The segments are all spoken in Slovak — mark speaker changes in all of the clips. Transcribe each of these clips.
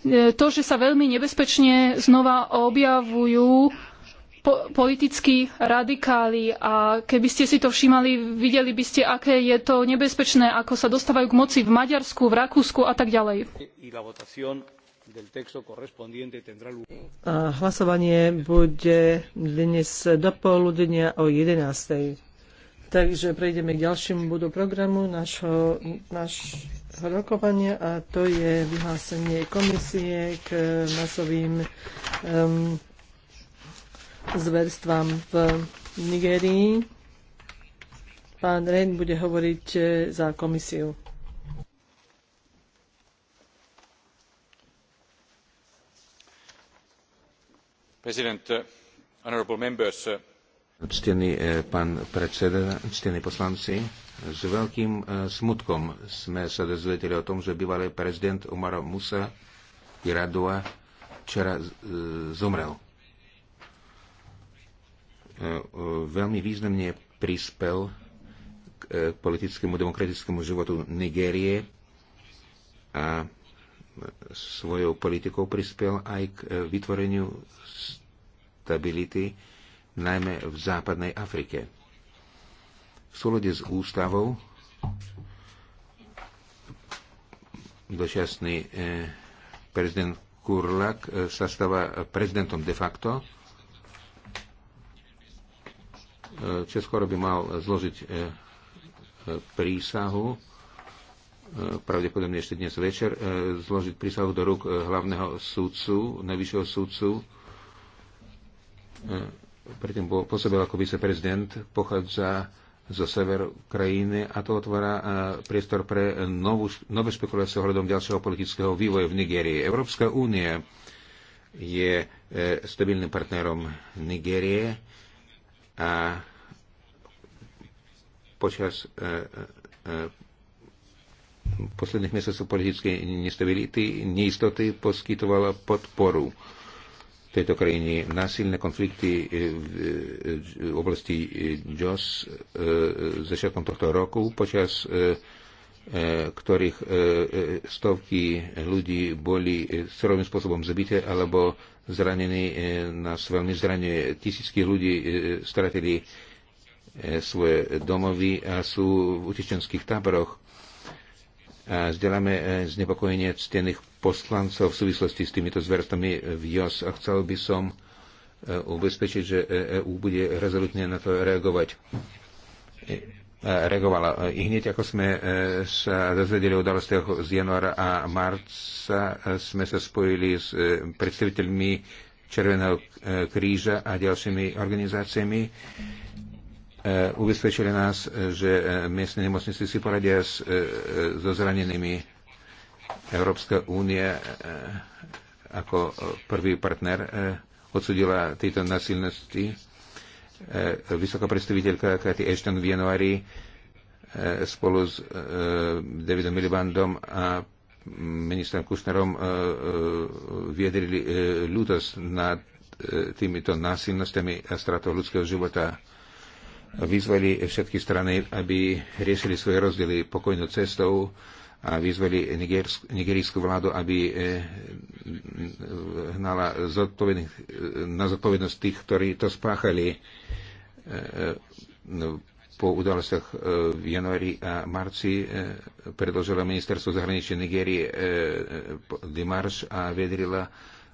Speaker 1: E, to, že sa veľmi nebezpečne znova objavujú po politickí radikáli a keby ste si to všímali, videli by ste, aké je to nebezpečné, ako sa dostávajú k moci v Maďarsku, v Rakúsku a tak ďalej. A hlasovanie bude
Speaker 2: dnes do poludnia o 11. Takže prejdeme k ďalšiemu bodu programu nášho, náš, rokovania a to je vyhlásenie komisie k masovým um, zverstvám v Nigerii. Pán Rehn bude hovoriť eh, za komisiu.
Speaker 3: President, eh, honorable members. Eh. pán predseda, ctení poslanci, s veľkým e, smutkom sme sa dozvedeli o tom, že bývalý prezident Omar Musa Iradua včera e, zomrel. E, veľmi významne prispel k politickému demokratickému životu Nigérie a svojou politikou prispel aj k vytvoreniu stability najmä v západnej Afrike v súlade s ústavou dočasný e, prezident Kurlak e, sa stáva prezidentom de facto. E, Českoro by mal zložiť prísahu, pravdepodobne ešte dnes večer, zložiť prísahu do rúk hlavného súdcu, najvyššieho súdcu. Predtým bol, pôsobil ako viceprezident, pochádza zo severu krajiny a to otvára e, priestor pre novú, nové spekulácie ohľadom ďalšieho politického vývoja v Nigérii. Európska únia je e, stabilným partnerom Nigérie a počas e, posledných mesiacov politickej nestability, neistoty poskytovala podporu tejto krajine. Násilné konflikty e, e, v oblasti e, Jos začiatkom tohto roku, počas ktorých stovky ľudí boli surovým spôsobom zabité alebo zranení, nás veľmi zraňuje. Tisícky ľudí stratili svoje domovy a sú v utečenských táboroch Zdeláme e, znepokojenie ctených poslancov v súvislosti s týmito zverstami v JOS a chcel by som e, ubezpečiť, že EU e bude rezolutne na to reagovať reagovala. I hneď ako sme sa dozvedeli o udalostiach z januára a marca, sme sa spojili s predstaviteľmi Červeného kríža a ďalšími organizáciami E, ubezpečili nás, e, že e, miestne nemocnice si poradia s, so zranenými. Európska únia ako prvý partner odsudila tieto nasilnosti. Vysoká predstaviteľka Katy Ashton v januári spolu s Davidom Milibandom a ministrom Kušnerom viedrili ľudosť nad týmito násilnostiami a stratou ľudského života vyzvali všetky strany, aby riešili svoje rozdiely pokojnou cestou a vyzvali nigerijskú vládu, aby e, hnala na zodpovednosť tých, ktorí to spáchali e, e, po udalostiach v januári a marci predložila ministerstvo zahraničia Nigérie Dimarš a vedrila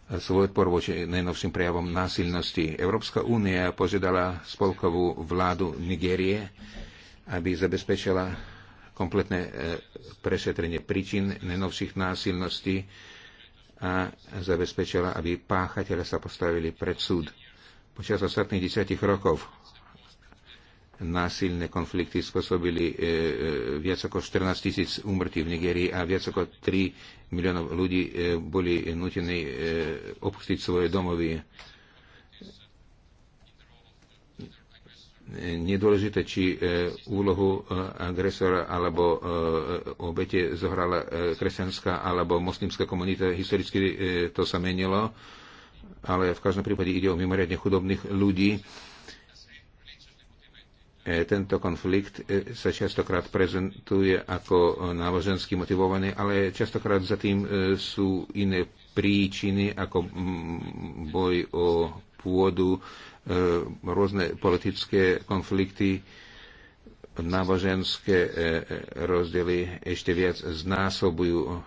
Speaker 3: svoj odpor voči najnovším prejavom násilnosti. Európska únia požiadala spolkovú vládu Nigérie, aby zabezpečila kompletné e, prešetrenie príčin najnovších násilností a zabezpečila, aby páchatelia sa postavili pred súd. Počas ostatných desiatich rokov násilné konflikty spôsobili e, e, viac ako 14 tisíc úmrtí v Nigerii a viac ako 3 miliónov ľudí e, boli nutení opustiť svoje domovy. Nedôležité, či úlohu agresora alebo obete zohrala kresťanská alebo moslimská komunita. Historicky to sa menilo, ale v každom prípade ide o mimoriadne chudobných ľudí E, tento konflikt e, sa častokrát prezentuje ako e, náboženský motivovaný, ale častokrát za tým sú iné príčiny ako boj o pôdu, rôzne politické konflikty, náboženské rozdiely ešte viac znásobujú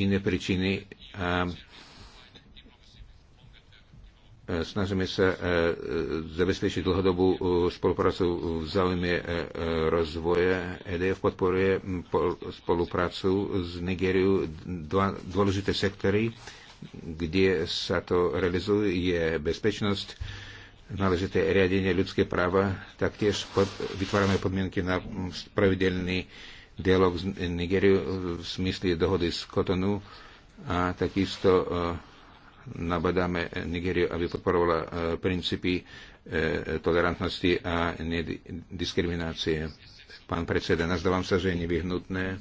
Speaker 3: iné príčiny a Snažíme sa e, e, zabezpečiť dlhodobú e, spoluprácu v záujme rozvoja. EDF podporuje spoluprácu s Nigériou. Dva dôležité sektory, kde sa to realizuje, je bezpečnosť, náležité riadenie ľudské práva. Taktiež pod, vytvárame podmienky na pravidelný dialog s Nigériou v smysle dohody z Kotonu a takisto nabadáme Nigériu, aby podporovala e, princípy e, tolerantnosti a nediskriminácie. Pán predseda, nazdávam sa, že je nevyhnutné,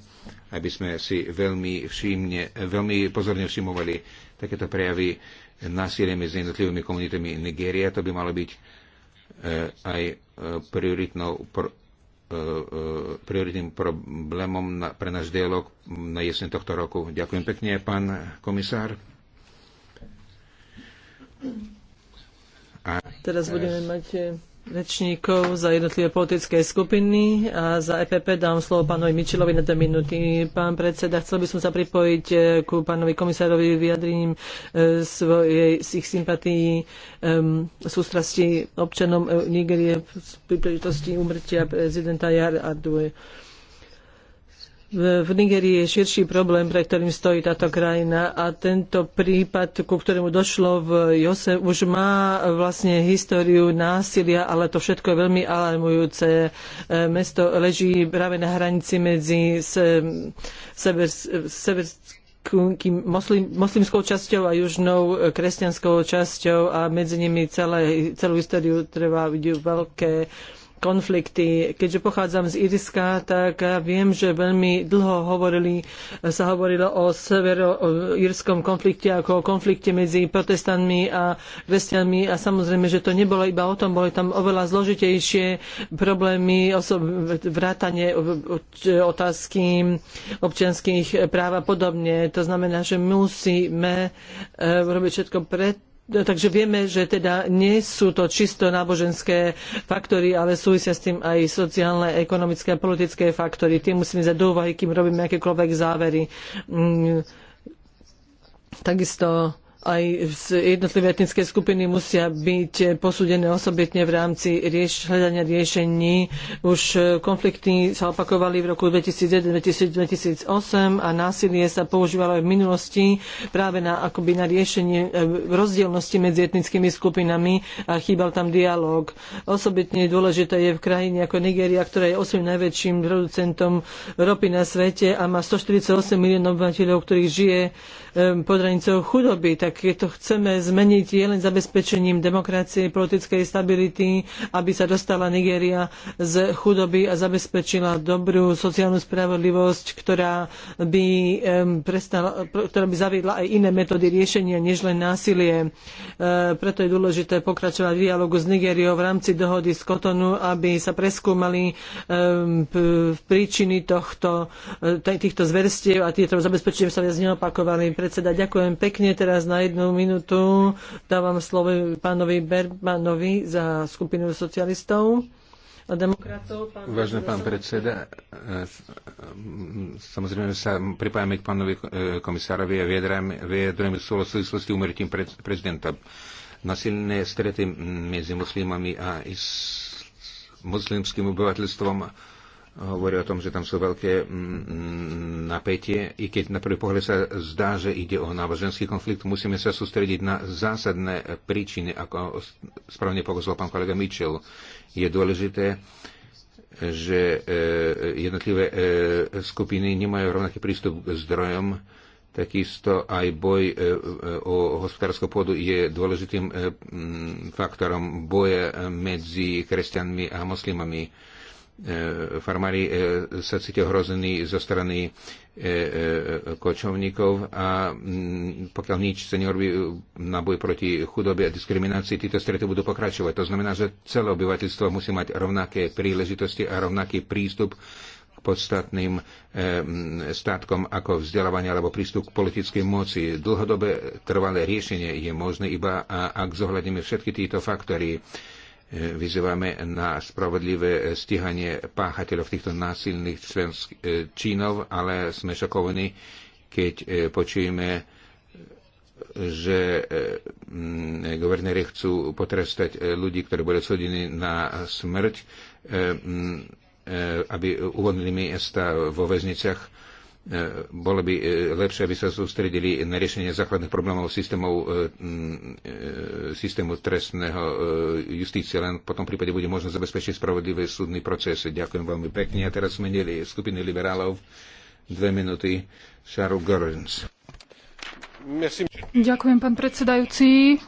Speaker 3: aby sme si veľmi, všimne, veľmi pozorne všimovali takéto prejavy násilie medzi jednotlivými komunitami Nigéria. To by malo byť e, aj prioritnou prioritným problémom pre náš dialog na jeseň tohto roku. Ďakujem pekne, pán komisár
Speaker 2: teraz budeme mať eh, rečníkov za jednotlivé politické skupiny a za EPP dám slovo pánovi Mičilovi na dve minúty. Pán predseda, chcel by som sa pripojiť eh, ku pánovi komisárovi vyjadrením eh, svojej, z ich sympatií um, sústrasti občanom Nigerie pri príležitosti umrtia prezidenta Jar Adue. Um, v Nigerii je širší problém, pre ktorým stojí táto krajina a tento prípad, ku ktorému došlo v Jose, už má vlastne históriu násilia, ale to všetko je veľmi alarmujúce. E, mesto leží práve na hranici medzi sever, sever, moslim, moslimskou časťou a južnou kresťanskou časťou a medzi nimi celé, celú históriu trvá veľké konflikty. Keďže pochádzam z Iriska, tak viem, že veľmi dlho hovorili, sa hovorilo o severo-írskom konflikte ako o konflikte medzi protestantmi a kresťanmi a samozrejme, že to nebolo iba o tom, boli tam oveľa zložitejšie problémy, vrátanie otázky občianských práv a podobne. To znamená, že musíme eh, robiť všetko preto, takže vieme, že teda nie sú to čisto náboženské faktory, ale súvisia s tým aj sociálne, ekonomické a politické faktory. Tie musíme za do úvahy, kým robíme akékoľvek závery. Mm, takisto aj jednotlivé etnické skupiny musia byť posúdené osobitne v rámci rieš, hľadania riešení. Už konflikty sa opakovali v roku 2001-2008 a násilie sa používalo aj v minulosti práve na, akoby na riešenie e, rozdielnosti medzi etnickými skupinami a chýbal tam dialog. Osobitne dôležité je v krajine ako Nigéria, ktorá je 8 najväčším producentom ropy na svete a má 148 miliónov obyvateľov, ktorých žije pod hranicou chudoby. Tak keď to chceme zmeniť, je len zabezpečením demokracie, politickej stability, aby sa dostala Nigéria z chudoby a zabezpečila dobrú sociálnu spravodlivosť, ktorá by, prestala, ktorá by zaviedla aj iné metódy riešenia, než len násilie. E, preto je dôležité pokračovať v dialogu s Nigériou v rámci dohody z Kotonu, aby sa preskúmali príčiny tohto, e, týchto zverstiev a tieto zabezpečenie sa viac neopakovali predseda, ďakujem pekne. Teraz na jednu minútu dávam slovo pánovi Bermanovi za skupinu socialistov a demokratov.
Speaker 3: Pán Vážený pán predseda, e, samozrejme sa pripájame k pánovi e, komisárovi a vyjadrujeme súvislosti umretím prezidenta. Nasilné strety medzi muslimami a is, muslimským obyvateľstvom hovorí o tom, že tam sú veľké mm, mm, napätie. I keď na prvý pohľad sa zdá, že ide o náboženský konflikt, musíme sa sústrediť na zásadné príčiny, ako správne pokozol pán kolega Mitchell. Je dôležité, že eh, jednotlivé eh, skupiny nemajú rovnaký prístup k zdrojom, takisto aj boj eh, o hospodárskú pôdu je dôležitým faktorom boja medzi kresťanmi a moslimami E, farmári e, sa cítia hrození zo strany e, kočovníkov a mm, pokiaľ nič sa neurobí na boj proti chudobe a diskriminácii, títo strety budú pokračovať. To znamená, že celé obyvateľstvo musí mať rovnaké príležitosti a rovnaký prístup k podstatným mm, státkom ako vzdelávanie alebo prístup k politickej moci. Dlhodobé trvalé riešenie je možné iba ak zohľadíme všetky tieto faktory E, vyzývame na spravodlivé e, stíhanie páchateľov týchto násilných e, činov, ale sme šokovaní, keď počujeme, že guvernéri chcú potrestať ľudí, ktorí boli súdení na smrť, aby uvolnili miesta vo väzniciach E, bolo by e, lepšie, aby sa sústredili na riešenie základných problémov systémov, e, systému trestného justície, len potom prípade bude možno zabezpečiť spravodlivý súdny proces. Ďakujem veľmi pekne. A teraz sme deli skupiny liberálov dve minúty. Charles Gorens.
Speaker 1: Ďakujem, pán predsedajúci.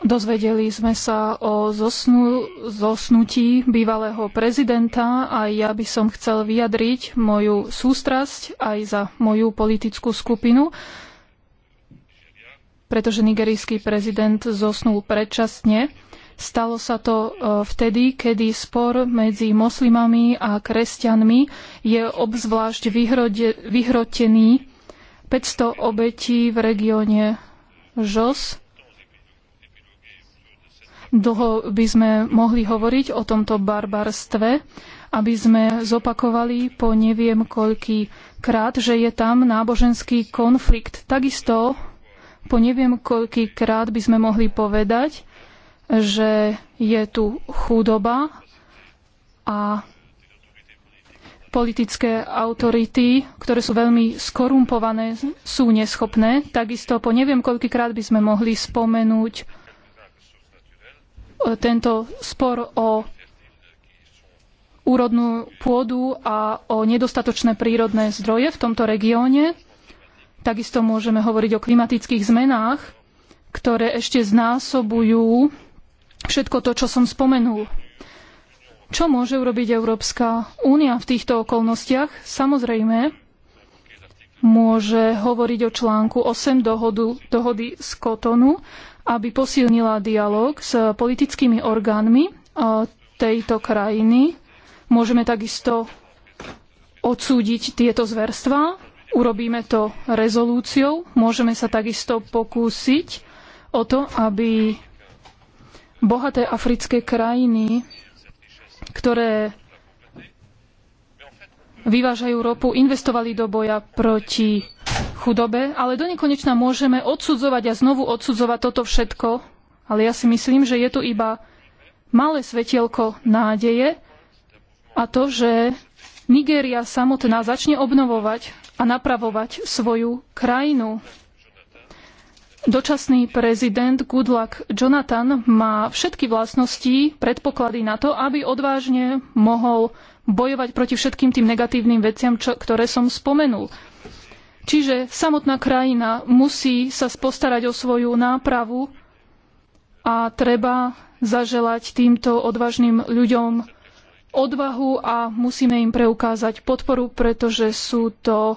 Speaker 1: Dozvedeli sme sa o zosnu, zosnutí bývalého prezidenta a ja by som chcel vyjadriť moju sústrasť aj za moju politickú skupinu, pretože nigerijský prezident zosnul predčasne. Stalo sa to e, vtedy, kedy spor medzi moslimami a kresťanmi je obzvlášť vyhrode, vyhrotený 500 obetí v regióne Žos Dlho by sme mohli hovoriť o tomto barbarstve, aby sme zopakovali po neviem koľký krát, že je tam náboženský konflikt. Takisto po neviem koľký krát by sme mohli povedať, že je tu chudoba a politické autority, ktoré sú veľmi skorumpované, sú neschopné. Takisto po neviem krát by sme mohli spomenúť tento spor o úrodnú pôdu a o nedostatočné prírodné zdroje v tomto regióne. Takisto môžeme hovoriť o klimatických zmenách, ktoré ešte znásobujú všetko to, čo som spomenul. Čo môže urobiť Európska únia v týchto okolnostiach? Samozrejme, môže hovoriť o článku 8 dohodu, dohody z Kotonu, aby posilnila dialog s politickými orgánmi e, tejto krajiny. Môžeme takisto odsúdiť tieto zverstva. Urobíme to rezolúciou. Môžeme sa takisto pokúsiť o to, aby bohaté africké krajiny, ktoré vyvážajú ropu, investovali do boja proti chudobe, ale do nekonečna môžeme odsudzovať a znovu odsudzovať toto všetko, ale ja si myslím, že je tu iba malé svetielko nádeje a to, že Nigéria samotná začne obnovovať a napravovať svoju krajinu. Dočasný prezident Goodluck Jonathan má všetky vlastnosti, predpoklady na to, aby odvážne mohol bojovať proti všetkým tým negatívnym veciam, čo, ktoré som spomenul. Čiže samotná krajina musí sa postarať o svoju nápravu a treba zaželať týmto odvážnym ľuďom odvahu a musíme im preukázať podporu, pretože sú to e,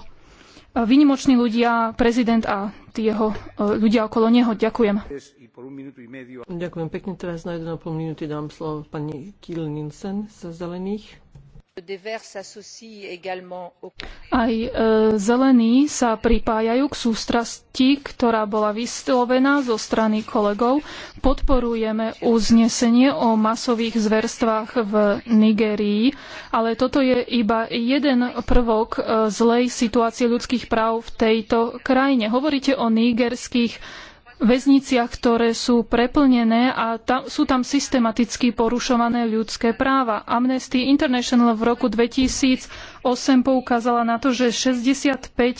Speaker 1: vynimoční ľudia, prezident a tí jeho e, ľudia okolo neho. Ďakujem.
Speaker 2: Ďakujem pekne. Teraz na 1,5
Speaker 1: minúty dám slovo pani Kiel Nielsen za zelených. Aj e, zelení sa pripájajú k sústrasti, ktorá bola vyslovená zo strany kolegov. Podporujeme uznesenie o masových zverstvách v Nigérii, ale toto je iba jeden prvok e, zlej situácie ľudských práv v tejto krajine. Hovoríte o nigerských väzniciach, ktoré sú preplnené a sú tam systematicky porušované ľudské práva. Amnesty International v roku 2008 poukázala na to, že 65 e,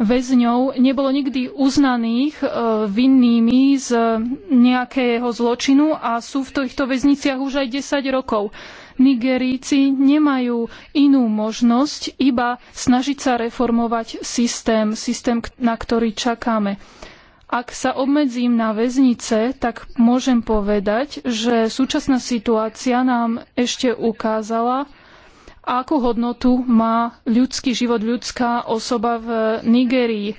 Speaker 1: väzňov nebolo nikdy uznaných e, vinnými z nejakého zločinu a sú v týchto väzniciach už aj 10 rokov. Nigeríci nemajú inú možnosť, iba snažiť sa reformovať systém, systém, na ktorý čakáme. Ak sa obmedzím na väznice, tak môžem povedať, že súčasná situácia nám ešte ukázala, akú hodnotu má ľudský život, ľudská osoba v Nigerii.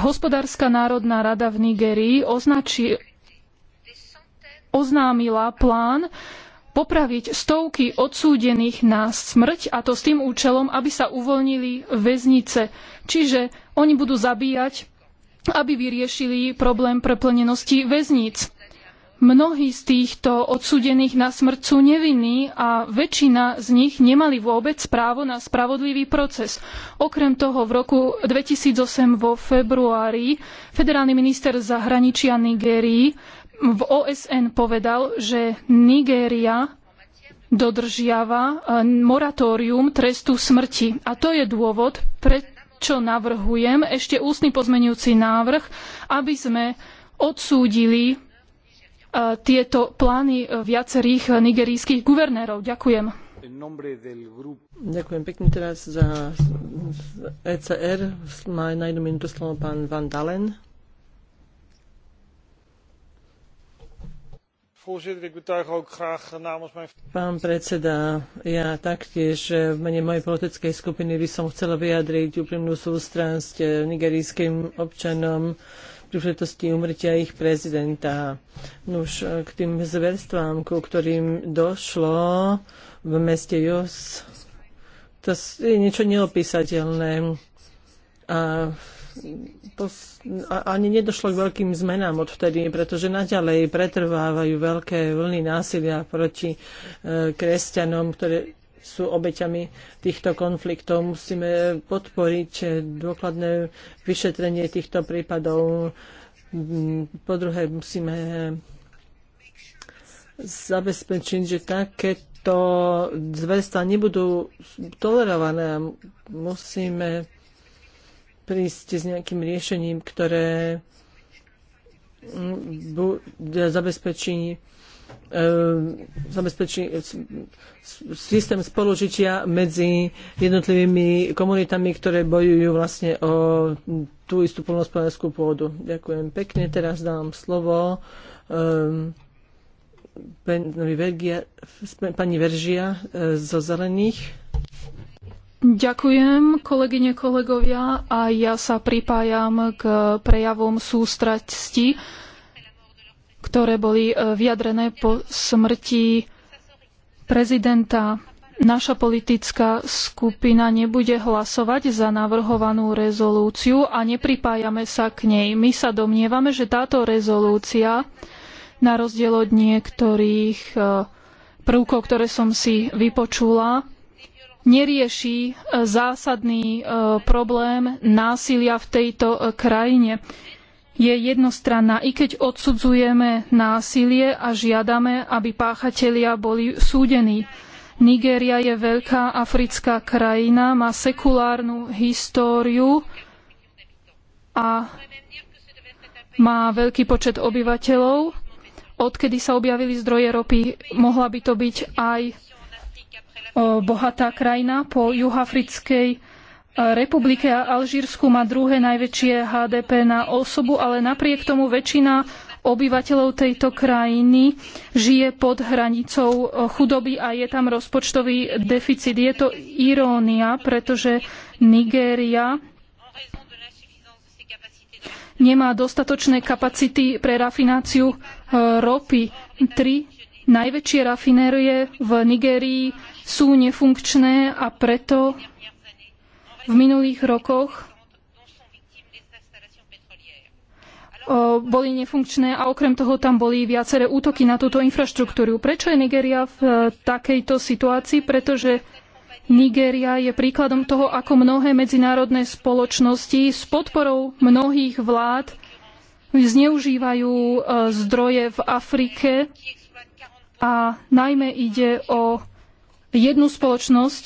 Speaker 1: Hospodárska národná rada v Nigerii označí, oznámila plán popraviť stovky odsúdených na smrť a to s tým účelom, aby sa uvoľnili väznice. Čiže oni budú zabíjať, aby vyriešili problém preplnenosti väzníc. Mnohí z týchto odsúdených na smrť sú nevinní a väčšina z nich nemali vôbec právo na spravodlivý proces. Okrem toho v roku 2008 vo februári federálny minister zahraničia Nigérii v OSN povedal, že Nigéria dodržiava e, moratórium trestu smrti. A to je dôvod, prečo navrhujem ešte ústny pozmenujúci návrh, aby sme odsúdili e, tieto plány e, viacerých nigerijských guvernérov. Ďakujem.
Speaker 2: Ďakujem pekne teraz za ECR. Má minútu slovo pán Van Dalen. Pán predseda, ja taktiež v mene mojej politickej skupiny by som chcela vyjadriť úprimnú sústrasť nigerijským občanom pri príležitosti umrtia ich prezidenta. Nuž k tým zverstvám, ku ktorým došlo v meste Jos, to je niečo neopísateľné. A v to ani nedošlo k veľkým zmenám odvtedy, pretože naďalej pretrvávajú veľké vlny násilia proti e, kresťanom, ktoré sú obeťami týchto konfliktov. Musíme podporiť dôkladné vyšetrenie týchto prípadov. Po druhé, musíme zabezpečiť, že takéto zverstva nebudú tolerované. Musíme prísť s nejakým riešením, ktoré zabezpečí zabezpečí e, systém spolužitia medzi jednotlivými komunitami, ktoré bojujú vlastne o tú istú polnospodárskú pôdu. Ďakujem pekne. Teraz dám slovo um, pani Veržia e, zo Zelených.
Speaker 1: Ďakujem, kolegyne, kolegovia, a ja sa pripájam k prejavom sústrasti, ktoré boli e, vyjadrené po smrti prezidenta. Naša politická skupina nebude hlasovať za navrhovanú rezolúciu a nepripájame sa k nej. My sa domnievame, že táto rezolúcia, na rozdiel od niektorých e, prvkov, ktoré som si vypočula, nerieši e, zásadný e, problém násilia v tejto e, krajine. Je jednostranná, i keď odsudzujeme násilie a žiadame, aby páchatelia boli súdení. Nigéria je veľká africká krajina, má sekulárnu históriu a má veľký počet obyvateľov. Odkedy sa objavili zdroje ropy, mohla by to byť aj bohatá krajina po Juhafrickej e, republike a Alžírsku má druhé najväčšie HDP na osobu, ale napriek tomu väčšina obyvateľov tejto krajiny žije pod hranicou e, chudoby a je tam rozpočtový deficit. Je to irónia, pretože Nigéria nemá dostatočné kapacity pre rafináciu e, ropy. Tri najväčšie rafinérie v Nigérii sú nefunkčné a preto v minulých rokoch eh, boli nefunkčné a okrem toho tam boli viaceré útoky na túto infraštruktúru. Prečo je Nigéria v eh, takejto situácii? Pretože Nigéria je príkladom toho, ako mnohé medzinárodné spoločnosti s podporou mnohých vlád zneužívajú eh, zdroje v Afrike a najmä ide o jednu spoločnosť,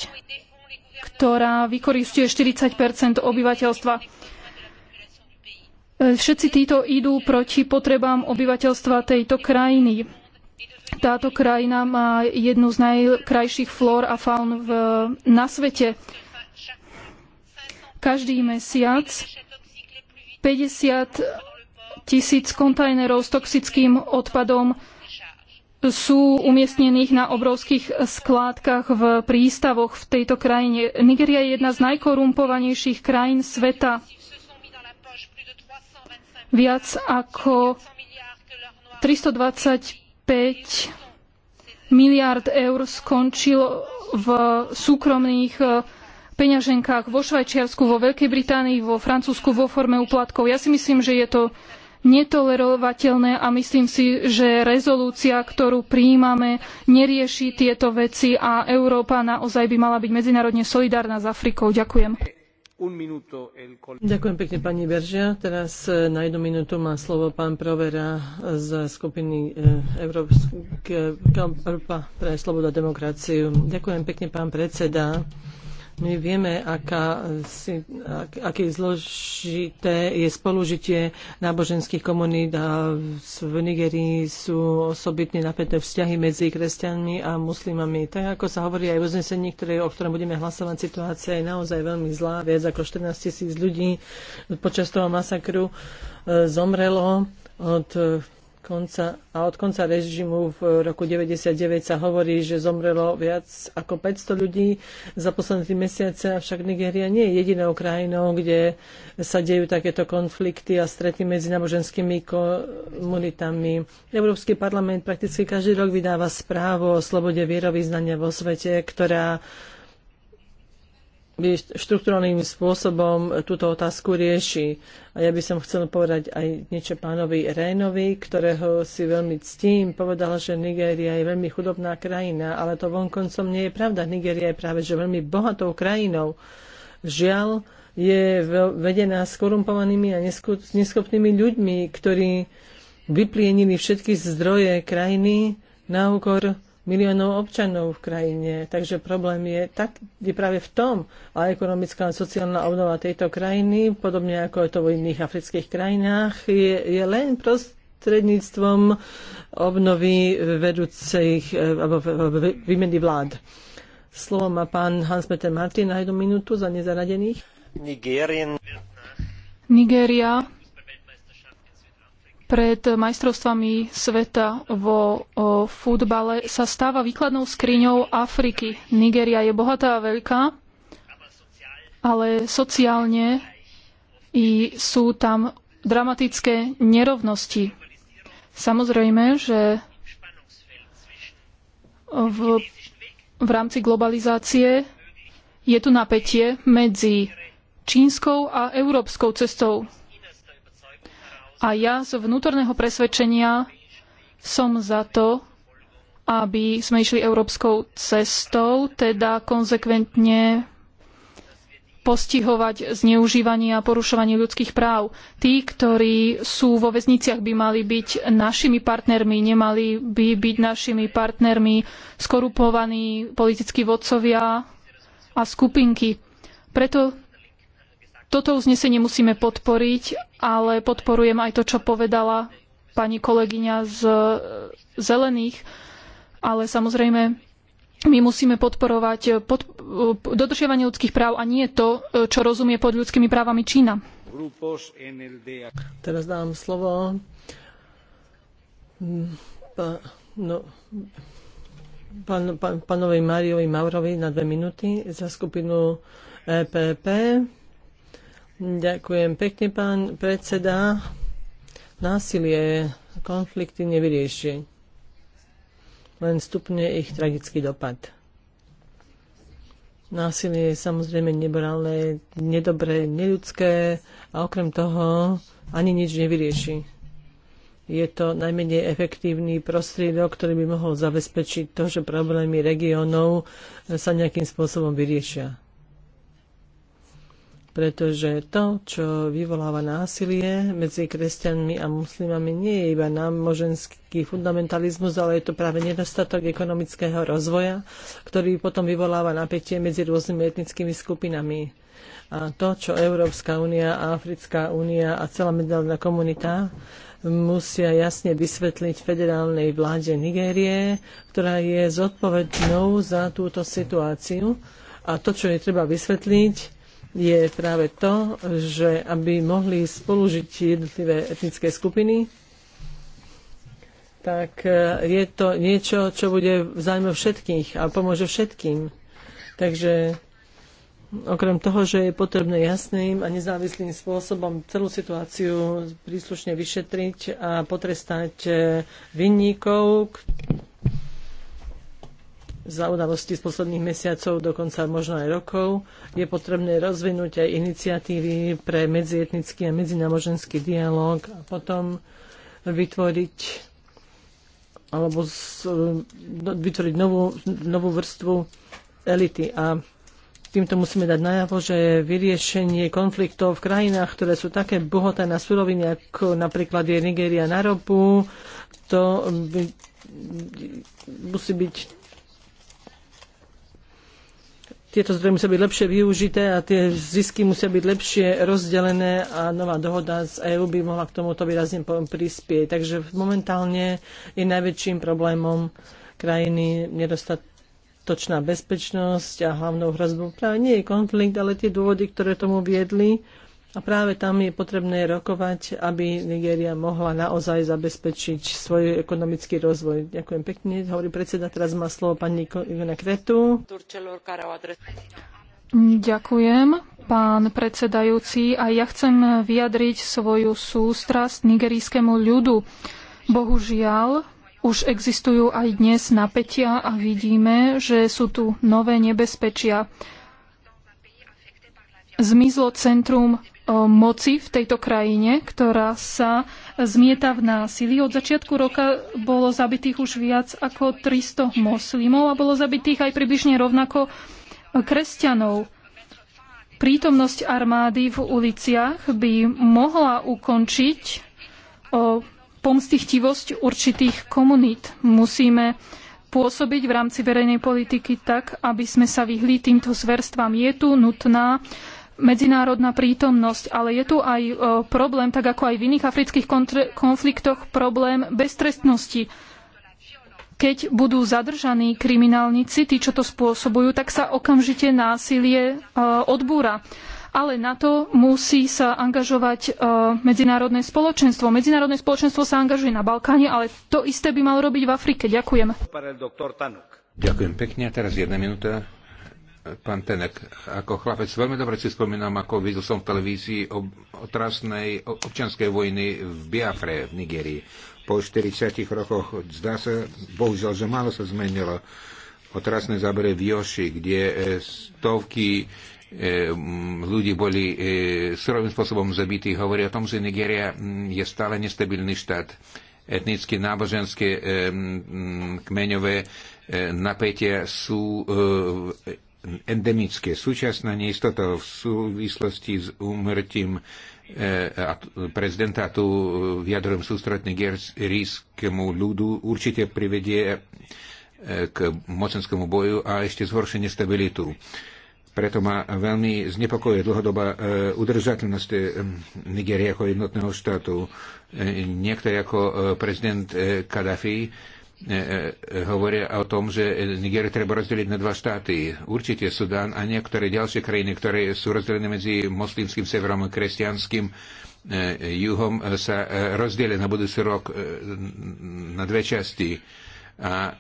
Speaker 1: ktorá vykoristuje 40 obyvateľstva. Všetci títo idú proti potrebám obyvateľstva tejto krajiny. Táto krajina má jednu z najkrajších flór a faun v, na svete. Každý mesiac 50 tisíc kontajnerov s toxickým odpadom sú umiestnených na obrovských skládkach v prístavoch v tejto krajine. Nigéria je jedna z najkorumpovanejších krajín sveta. Viac ako 325 miliard eur skončilo v súkromných eh, peňaženkách vo Švajčiarsku, vo Veľkej Británii, vo Francúzsku vo forme úplatkov. Ja si myslím, že je to netolerovateľné a myslím si, že rezolúcia, ktorú prijímame, nerieši tieto veci a Európa naozaj by mala byť medzinárodne solidárna s Afrikou. Ďakujem.
Speaker 2: Ďakujem pekne, pani Beržia. Teraz e, na jednu minútu má slovo pán Provera z skupiny e, Európska pre slobodu a demokraciu. Ďakujem pekne, pán predseda. My vieme, aká, aké zložité je spolužitie náboženských komunít a v Nigerii sú osobitne napäté vzťahy medzi kresťanmi a muslimami. Tak ako sa hovorí aj v uznesení, ktoré, o ktorom budeme hlasovať, situácia je naozaj veľmi zlá. Viac ako 14 tisíc ľudí počas toho masakru e, zomrelo od konca, a od konca režimu v roku 99 sa hovorí, že zomrelo viac ako 500 ľudí za posledné mesiace, avšak Nigéria nie je jedinou krajinou, kde sa dejú takéto konflikty a strety medzi náboženskými komunitami. Európsky parlament prakticky každý rok vydáva správu o slobode vierovýznania vo svete, ktorá štruktúrnym spôsobom túto otázku rieši. A ja by som chcel povedať aj niečo pánovi Rénovi, ktorého si veľmi ctím. Povedal, že Nigéria je veľmi chudobná krajina, ale to vonkoncom nie je pravda. Nigéria je práve že veľmi bohatou krajinou. Žiaľ, je vedená skorumpovanými a neschopnými ľuďmi, ktorí vyplienili všetky zdroje krajiny na úkor miliónov občanov v krajine. Takže problém je, tak, je práve v tom, a ekonomická a sociálna obnova tejto krajiny, podobne ako je to v iných afrických krajinách, je, je len prostredníctvom obnovy vedúcich e, alebo výmeny vlád. Slovo má pán
Speaker 1: Hans-Peter Martin na jednu minútu za nezaradených.
Speaker 2: Nigérien.
Speaker 1: Nigéria pred majstrovstvami sveta vo o, futbale sa stáva výkladnou skriňou Afriky. Nigéria je bohatá a veľká, ale sociálne i sú tam dramatické nerovnosti. Samozrejme, že v, v rámci globalizácie je tu napätie medzi čínskou a európskou cestou a ja z vnútorného presvedčenia som za to, aby sme išli európskou cestou, teda konzekventne postihovať zneužívanie a porušovanie ľudských práv. Tí, ktorí sú vo väzniciach, by mali byť našimi partnermi, nemali by byť našimi partnermi skorupovaní politickí vodcovia a skupinky. Preto toto uznesenie musíme podporiť, ale podporujem aj to, čo povedala pani kolegyňa z e, Zelených, ale samozrejme my musíme podporovať e, pod, e, dodržiavanie ľudských práv a nie to, čo rozumie pod ľudskými právami Čína.
Speaker 2: Teraz dám slovo mm, no, pánovi Máriovi Maurovi na dve minúty za skupinu EPP. Ďakujem pekne, pán predseda. Násilie konflikty nevyrieši. Len stupne ich tragický dopad. Násilie je samozrejme nebralé, nedobré, neľudské a okrem toho ani nič nevyrieši. Je to najmenej efektívny prostriedok, ktorý by mohol zabezpečiť to, že problémy regiónov sa nejakým spôsobom vyriešia pretože to, čo vyvoláva násilie medzi kresťanmi a muslimami, nie je iba námoženský fundamentalizmus, ale je to práve nedostatok ekonomického rozvoja, ktorý potom vyvoláva napätie medzi rôznymi etnickými skupinami. A to, čo Európska únia, Africká únia a celá medzinárodná komunita musia jasne vysvetliť federálnej vláde Nigérie, ktorá je zodpovednou za túto situáciu. A to, čo je treba vysvetliť, je práve to, že aby mohli spolužiť jednotlivé etnické skupiny, tak e, je to niečo, čo bude v zájme všetkých a pomôže všetkým. Takže Okrem toho, že je potrebné jasným a nezávislým spôsobom celú situáciu príslušne vyšetriť a potrestať e, vinníkov, za udalosti z posledných mesiacov, dokonca možno aj rokov, je potrebné rozvinúť aj iniciatívy pre medzietnický a medzináboženský dialog a potom vytvoriť alebo z, no, vytvoriť novú, novú vrstvu elity. A týmto musíme dať najavo, že vyriešenie konfliktov v krajinách, ktoré sú také bohaté na suroviny, ako napríklad je Nigéria na ropu, to by, musí byť tieto zdroje musia byť lepšie využité a tie zisky musia byť lepšie rozdelené a nová dohoda z EÚ by mohla k tomuto výrazne prispieť. Takže momentálne je najväčším problémom krajiny nedostatočná bezpečnosť a hlavnou hrozbou práve nie je konflikt, ale tie dôvody, ktoré tomu viedli, a práve tam je potrebné rokovať, aby Nigéria mohla naozaj zabezpečiť svoj ekonomický rozvoj. Ďakujem pekne. Hovorí predseda, teraz má slovo pani Ivana Kretu.
Speaker 1: Ďakujem, pán predsedajúci. A ja chcem vyjadriť svoju sústrasť nigerijskému ľudu. Bohužiaľ, už existujú aj dnes napätia a vidíme, že sú tu nové nebezpečia zmizlo centrum moci v tejto krajine, ktorá sa zmieta v násilí. Od začiatku roka bolo zabitých už viac ako 300 moslimov a bolo zabitých aj približne rovnako kresťanov. Prítomnosť armády v uliciach by mohla ukončiť pomstichtivosť určitých komunít. Musíme pôsobiť v rámci verejnej politiky tak, aby sme sa vyhli týmto zverstvám. Je tu nutná medzinárodná prítomnosť, ale je tu aj e, problém, tak ako aj v iných afrických konfliktoch, problém beztrestnosti. Keď budú zadržaní kriminálnici, tí, čo to spôsobujú, tak sa okamžite násilie e, odbúra. Ale na to musí sa angažovať e, medzinárodné spoločenstvo. Medzinárodné spoločenstvo sa angažuje na Balkáne, ale to isté by malo robiť v Afrike. Ďakujem.
Speaker 3: Ďakujem pekne. teraz jedna minúta pán Tenek. Ako chlapec veľmi dobre si spomínam, ako videl som v televízii o otrasnej občianskej vojny v Biafre v Nigerii. Po 40 rokoch zdá sa, bohužiaľ, že málo sa zmenilo. Otrasné zábere v Joši, kde e, stovky e, ľudí boli e, surovým spôsobom zabití. Hovorí o tom, že Nigeria je stále nestabilný štát. Etnické, náboženské, kmeňové napätia sú endemické. Súčasná neistota v súvislosti s úmrtím e, a prezidenta tu e, v jadrovom sústretne gerskému ľudu určite privedie e, k mocenskému boju a ešte zhoršenie stabilitu. Preto ma veľmi znepokojuje dlhodobá udržateľnosť Nigerie ako jednotného štátu. Niektorí ako prezident Kadafi E, e, hovoria o tom, že Nigériu treba rozdeliť na dva štáty. Určite Sudán a niektoré ďalšie krajiny, ktoré sú rozdelené medzi moslimským severom a kresťanským e, juhom, sa rozdelia na budúci rok na dve časti. A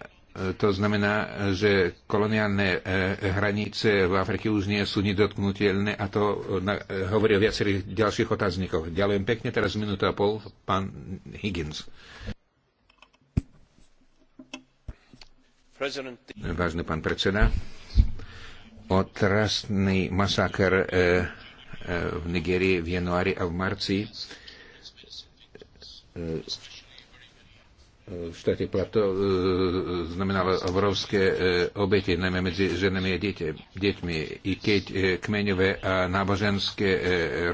Speaker 3: to znamená, že koloniálne hranice v Afrike už nie sú nedotknutelné a to hovorí o viacerých ďalších otáznikoch. Ďalujem pekne, teraz minúta a pol, pán Higgins. Vážený pán predseda, otrasný masaker e, e, v Nigerii v januári a v marci e, v štáte Plato znamenalo obrovské obete, najmä medzi ženami a deťmi. I keď kmeňové a náboženské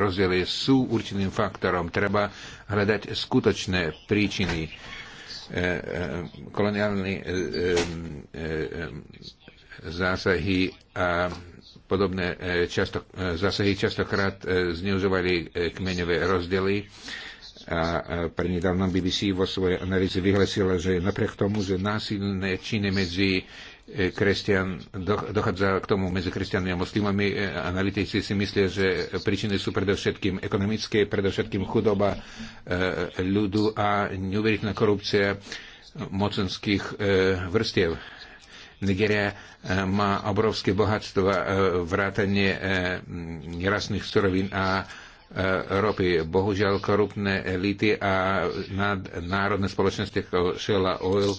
Speaker 3: rozdiely sú určitým faktorom, treba hľadať skutočné príčiny E, e, koloniálne e, zásahy a podobné často, zásahy častokrát zneužovali kmeňové rozdiely a pre nedávnom BBC vo svojej analýze vyhlasila, že napriek tomu, že násilné činy medzi kresťan, e, dochádza k tomu medzi kresťanmi a moslimami. E, analytici si myslia, že príčiny sú predovšetkým ekonomické, predovšetkým chudoba e, ľudu a neuveriteľná korupcia mocenských vrstiev. Nigeria má obrovské bohatstvo, vrátanie nerastných surovín a ropy. Bohužiaľ, korupné elity a národné spoločnosti ako Shell a Oil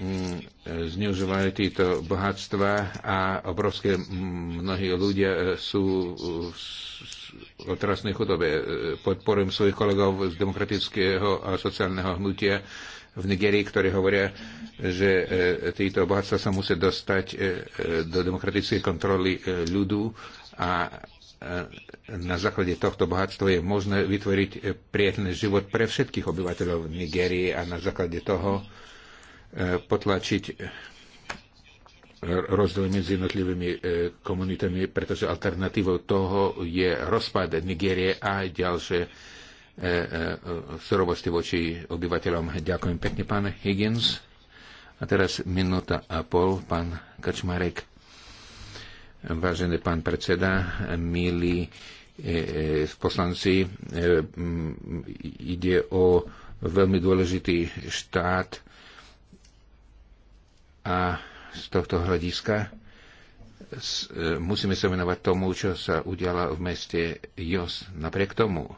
Speaker 3: Mm, zneužívajú tieto bohatstva a obrovské mnohí ľudia e, sú v e, otrasnej chudobe. E, podporujem svojich kolegov z demokratického a sociálneho hnutia v Nigerii, ktorí hovoria, že tieto bohatstva sa musia dostať do demokratickej kontroly ľudu a na základe tohto bohatstva je možné vytvoriť prietný život pre všetkých obyvateľov Nigérie a na základe toho potlačiť rozdiel medzi jednotlivými e, komunitami, pretože alternatívou toho je rozpad Nigérie a ďalšie e, e, surovosti voči obyvateľom. Ďakujem pekne, pán Higgins. A teraz minúta a pol, pán Kačmarek. Vážený pán predseda, milí poslanci, ide o veľmi dôležitý štát, a z tohto hľadiska e, musíme sa venovať tomu, čo sa udiala v meste Jos. Napriek tomu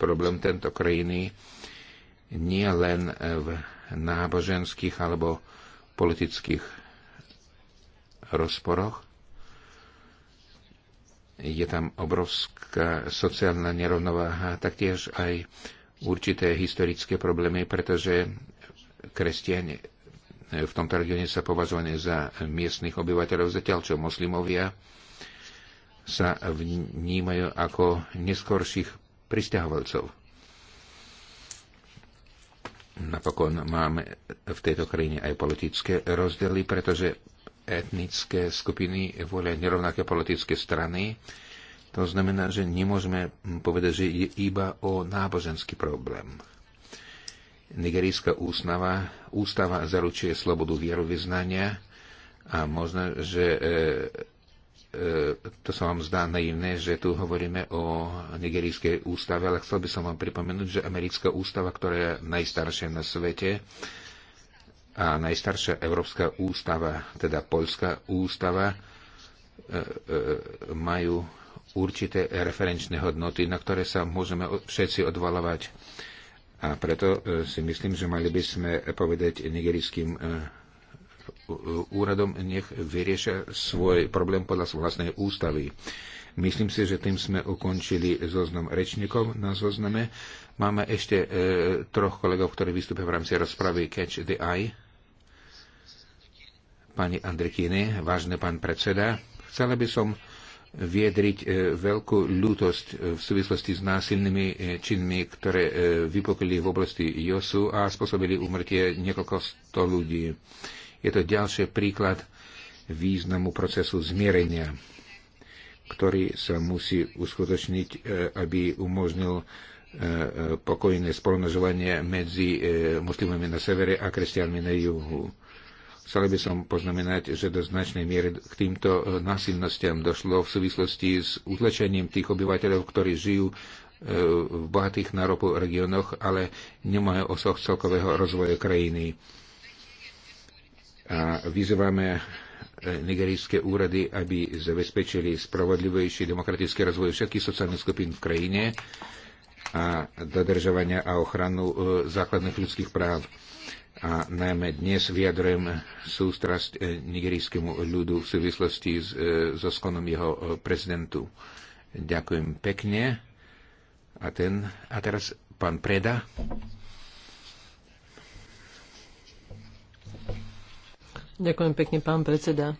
Speaker 3: problém tento krajiny nie len e, v náboženských alebo politických rozporoch. Je tam obrovská sociálna nerovnováha, taktiež aj určité historické problémy, pretože kresťania v tomto regióne sa považovaní za miestnych obyvateľov, zatiaľ čo moslimovia sa vnímajú ako neskorších pristahovalcov. Napokon máme v tejto krajine aj politické rozdiely, pretože etnické skupiny volia nerovnaké politické strany. To znamená, že nemôžeme povedať, že je iba o náboženský problém. Nigerijská ústava, ústava zaručuje slobodu vierovýznania a možno, že e, e, to sa vám zdá naivné, že tu hovoríme o nigerijskej ústave, ale chcel by som vám pripomenúť, že americká ústava, ktorá je najstaršia na svete a najstaršia európska ústava, teda poľská ústava, e, majú určité referenčné hodnoty, na ktoré sa môžeme všetci odvalovať a preto e, si myslím, že mali by sme povedať nigerijským e, úradom, nech vyriešia svoj problém podľa vlastnej ústavy. Myslím si, že tým sme ukončili zoznam rečníkov na zozname. Máme ešte e, troch kolegov, ktorí vystúpia v rámci rozpravy Catch the Eye. Pani Andrikiny, vážne pán predseda, chcela by som viedriť e, veľkú ľútosť e, v súvislosti s násilnými e, činmi, ktoré vypokli v oblasti Josu a spôsobili umrtie niekoľko sto ľudí. Je to ďalší príklad významu procesu zmierenia, ktorý sa musí uskutočniť, aby umožnil pokojné spolnožovanie medzi muslimami na severe a kresťanmi na juhu Chcel by som poznamenať, že do značnej miery k týmto e, násilnostiam došlo v súvislosti s utlačením tých obyvateľov, ktorí žijú e, v bohatých náropov regiónoch, ale nemajú osoch celkového rozvoja krajiny. A vyzývame e, nigerijské úrady, aby zabezpečili spravodlivejší demokratický rozvoj všetkých sociálnych skupín v krajine a dodržovania a ochranu základných ľudských práv a najmä dnes vyjadrujem sústrasť eh, nigerijskému ľudu v súvislosti s, eh, so skonom jeho eh, prezidentu. Ďakujem pekne. A, ten, a teraz pán Preda.
Speaker 2: Ďakujem pekne, pán predseda.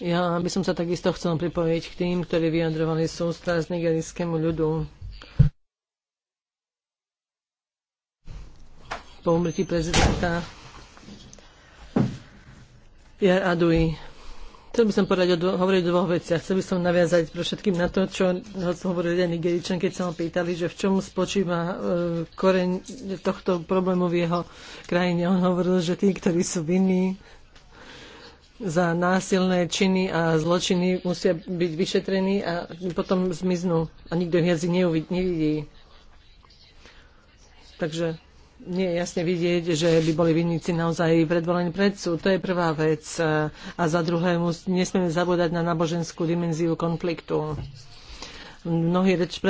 Speaker 2: Ja by som sa takisto chcel pripojiť k tým, ktorí vyjadrovali sústrasť nigerijskému ľudu po umrtí prezidenta Jar Adui. Chcel by som povedať o dvo- hovoriť o dvoch veciach. Chcel by som naviazať pre všetkým na to, čo hovoril aj Nigeričan, keď sa ho pýtali, že v čom spočíva e, koreň tohto problému v jeho krajine. On hovoril, že tí, ktorí sú vinní za násilné činy a zločiny, musia byť vyšetrení a potom zmiznú a nikto ich jazyk neuvidí. Takže nie je jasne vidieť, že by boli vinníci naozaj predvolení predsu. To je prvá vec. A za druhé, nesmieme zabúdať na náboženskú dimenziu konfliktu mnohí reč,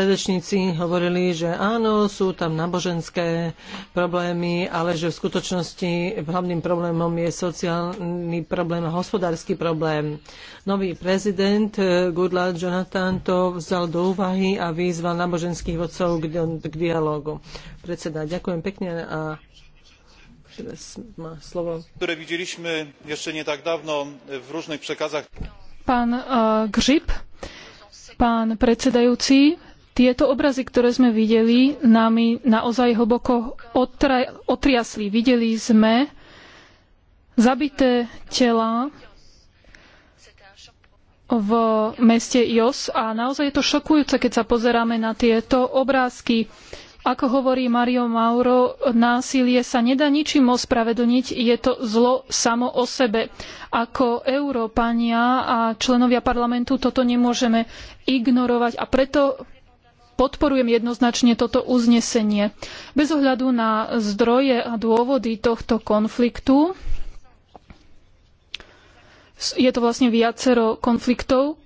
Speaker 2: hovorili, že áno, sú tam naboženské problémy, ale že v skutočnosti hlavným problémom je sociálny problém a hospodársky problém. Nový prezident eh, Goodla Jonathan to vzal do úvahy a vyzval náboženských vodcov k, k dialógu. Predseda, ďakujem pekne a teraz má slovo.
Speaker 1: Ktoré sme ešte nie tak dávno v rôznych prekazách. Pán uh, eh, Grip, Pán predsedajúci, tieto obrazy, ktoré sme videli, nami naozaj hlboko otriasli. Videli sme zabité tela v meste Jos a naozaj je to šokujúce, keď sa pozeráme na tieto obrázky. Ako hovorí Mario Mauro, násilie sa nedá ničím ospravedlniť, je to zlo samo o sebe. Ako Európania a členovia parlamentu toto nemôžeme ignorovať a preto podporujem jednoznačne toto uznesenie. Bez ohľadu na zdroje a dôvody tohto konfliktu, je to vlastne viacero konfliktov,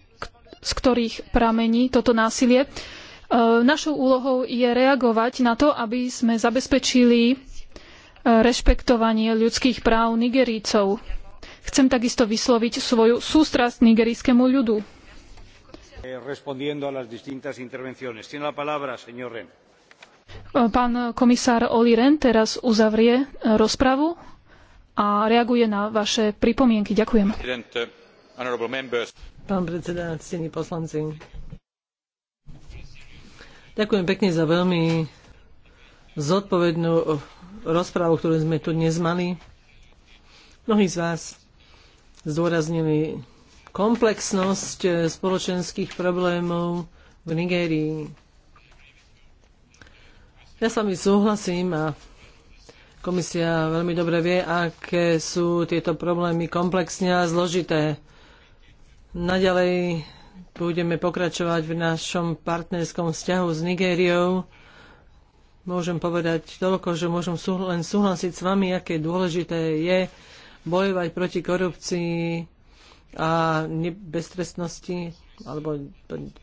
Speaker 1: z ktorých pramení toto násilie. E, našou úlohou je reagovať na to, aby sme zabezpečili e, rešpektovanie ľudských práv Nigerícov. Chcem takisto vysloviť svoju sústrasť nigerijskému ľudu. Eh, Pán e, komisár Oli Ren teraz uzavrie rozpravu a reaguje na vaše pripomienky. Ďakujem. Pán predseda,
Speaker 2: ctení poslanci, Ďakujem pekne za veľmi zodpovednú rozprávu, ktorú sme tu dnes mali. Mnohí z vás zdôraznili komplexnosť eh, spoločenských problémov v Nigérii. Ja sa mi súhlasím a komisia veľmi dobre vie, aké sú tieto problémy komplexne a zložité. Naďalej budeme pokračovať v našom partnerskom vzťahu s Nigériou. Môžem povedať toľko, že môžem len súhlasiť s vami, aké dôležité je bojovať proti korupcii a beztrestnosti alebo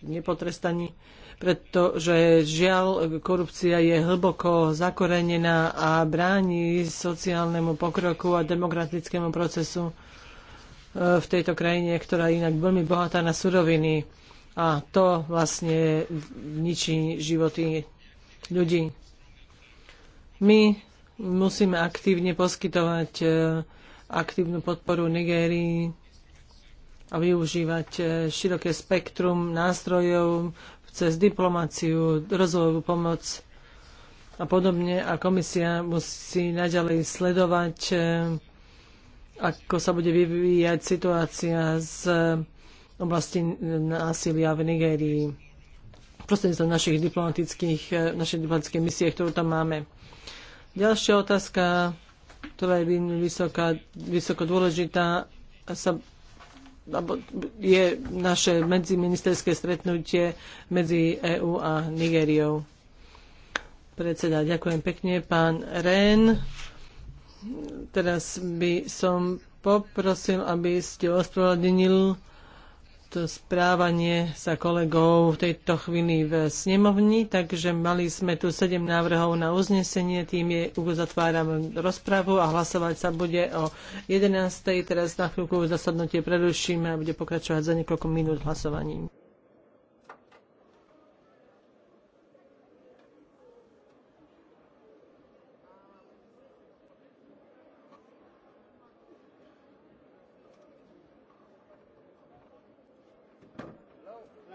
Speaker 2: nepotrestaní, pretože žiaľ korupcia je hlboko zakorenená a bráni sociálnemu pokroku a demokratickému procesu v tejto krajine, ktorá je inak veľmi bohatá na suroviny. A to vlastne ničí životy ľudí. My musíme aktívne poskytovať e, aktívnu podporu Nigérii a využívať e, široké spektrum nástrojov cez diplomáciu, rozvojovú pomoc a podobne. A komisia musí naďalej sledovať e, ako sa bude vyvíjať situácia z eh, oblasti násilia v Nigérii prostredníctvom našich diplomatických, eh, našej diplomatickej misie, ktorú tam máme. Ďalšia otázka, ktorá je vysoká, vysoko dôležitá, sa je naše medziministerské stretnutie medzi EÚ a Nigériou. Predseda, ďakujem pekne. Pán Ren, teraz by som poprosil, aby ste ospravedlnil to správanie sa kolegov v tejto chvíli v snemovni, takže mali sme tu sedem návrhov na uznesenie, tým je uzatváram rozpravu a hlasovať sa bude o 11. Teraz na chvíľku zasadnutie prerušíme a bude pokračovať za niekoľko minút hlasovaním.